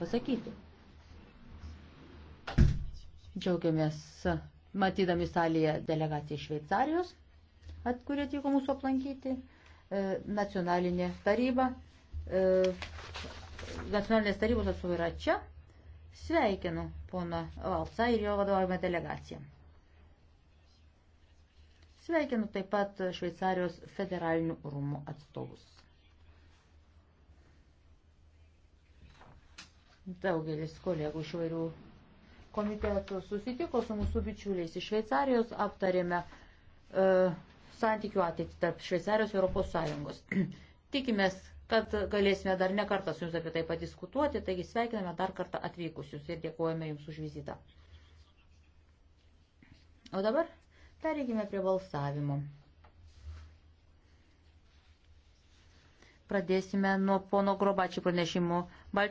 pasakyti. Džiaugiamės matydami salėje delegaciją iš Šveicarijos, kuri atvyko mūsų aplankyti, e, nacionalinė taryba, e, nacionalinės tarybos atstovai yra čia. Sveikinu poną Valsą ir jo vadovavimą delegaciją. Sveikinu taip pat Šveicarijos federalinių rūmų atstovus. Daugelis kolegų iš vairių komitetų susitiko su mūsų bičiuliais iš Šveicarijos, aptarėme e, santykių ateitį tarp Šveicarijos ir Europos Sąjungos. Tikimės, kad galėsime dar ne kartą su Jums apie tai padiskutuoti, taigi sveikiname dar kartą atvykusius ir dėkojame Jums už vizitą. O dabar pereikime prie balsavimo. Pradėsime nuo pono Grobačių pranešimų.